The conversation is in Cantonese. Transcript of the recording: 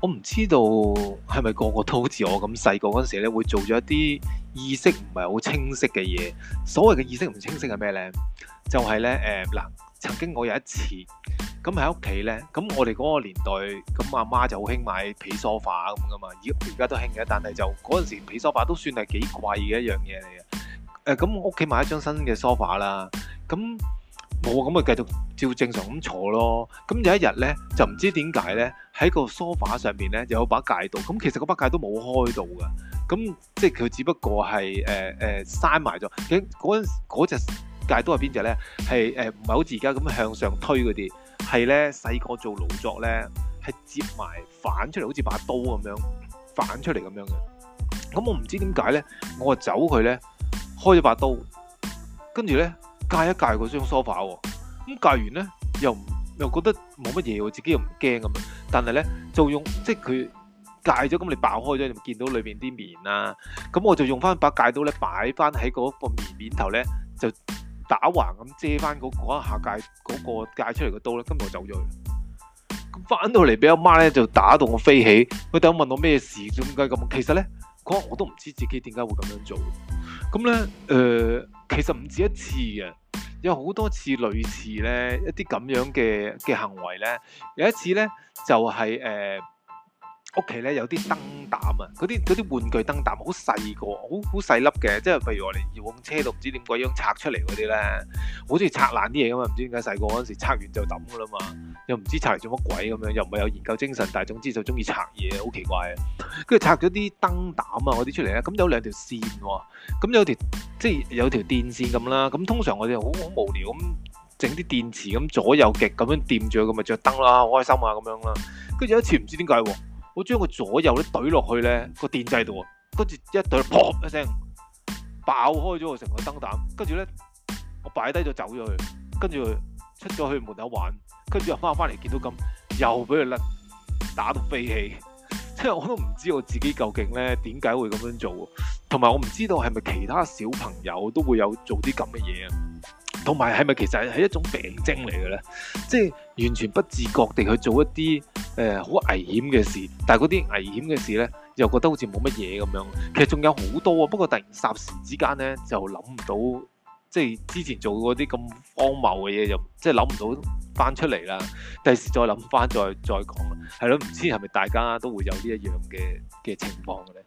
我唔知道係咪個個都好似我咁細個嗰陣時咧，會做咗一啲意識唔係好清晰嘅嘢。所謂嘅意識唔清晰係咩咧？就係咧，誒嗱，曾經我有一次咁喺屋企咧，咁我哋嗰個年代，咁阿媽，媽就好興買皮梳化 f a 咁噶嘛，而而家都興嘅，但係就嗰陣時皮梳化都算係幾貴嘅一樣嘢嚟嘅。誒咁屋企買一張新嘅梳化 f 啦，咁。冇啊，咁咪繼續照正常咁坐咯。咁有一日咧，就唔知點解咧，喺個梳化上面咧，有一把戒刀。咁其實嗰把戒刀都冇開到㗎。咁即係佢只不過係誒誒閂埋咗。嗰、呃、隻、呃那個、戒刀係邊隻咧？係誒唔係好似而家咁向上推嗰啲，係咧，細個做勞作咧係折埋反出嚟，好似把刀咁樣反出嚟咁樣嘅。咁我唔知點解咧，我走佢咧開咗把刀，跟住咧，戒一戒嗰張梳化喎，咁戒完咧又又覺得冇乜嘢喎，自己又唔驚咁樣，但係咧就用即係佢戒咗咁，你爆開咗就見到裏邊啲棉啦、啊，咁我就用翻把戒刀咧擺翻喺嗰個棉面，面頭咧，就打橫咁遮翻嗰一下戒，嗰、那個戒出嚟嘅刀咧，今日我走咗去，咁翻到嚟俾阿媽咧就打到我飛起，佢就問我咩事，點解咁？其實咧，那個、我都唔知自己點解會咁樣做，咁咧誒，其實唔止一次嘅。有好多次類似咧，一啲咁樣嘅嘅行為咧，有一次咧就係、是、誒。呃屋企咧有啲燈膽啊，嗰啲嗰啲玩具燈膽好細個，好好細粒嘅，即係譬如我哋遙控車都唔知點鬼樣拆出嚟嗰啲咧，好似拆爛啲嘢噶嘛，唔知點解細個嗰陣時拆完就抌噶啦嘛，又唔知拆嚟做乜鬼咁樣，又唔係有研究精神，但係總之就中意拆嘢，好奇怪啊！跟住拆咗啲燈膽啊嗰啲出嚟咧，咁有兩條線喎，咁有條即係有條電線咁啦，咁通常我哋好好無聊咁整啲電池咁左右極咁樣掂住，咁咪着燈啦，好開心啊咁樣啦。跟住有一次唔知點解我將佢左右咧懟落去咧個電掣度，跟住一懟，噗一聲爆開咗我成個燈膽，跟住咧我擺低咗走咗去，跟住出咗去門口玩，跟住又翻翻嚟見到咁，又俾佢甩打到飛起，即 係我都唔知我自己究竟咧點解會咁樣做，同埋我唔知道係咪其他小朋友都會有做啲咁嘅嘢，同埋係咪其實係一種病徵嚟嘅咧，即係完全不自覺地去做一啲。誒、呃，好危險嘅事，但嗰啲危險嘅事呢，又覺得好似冇乜嘢咁樣。其實仲有好多啊，不過突然霎時之間呢，就諗唔到，即係之前做過啲咁荒謬嘅嘢，又即係諗唔到翻出嚟啦。第時再諗翻，再再講啦。係咯，唔知係咪大家都會有呢一樣嘅嘅情況嘅呢？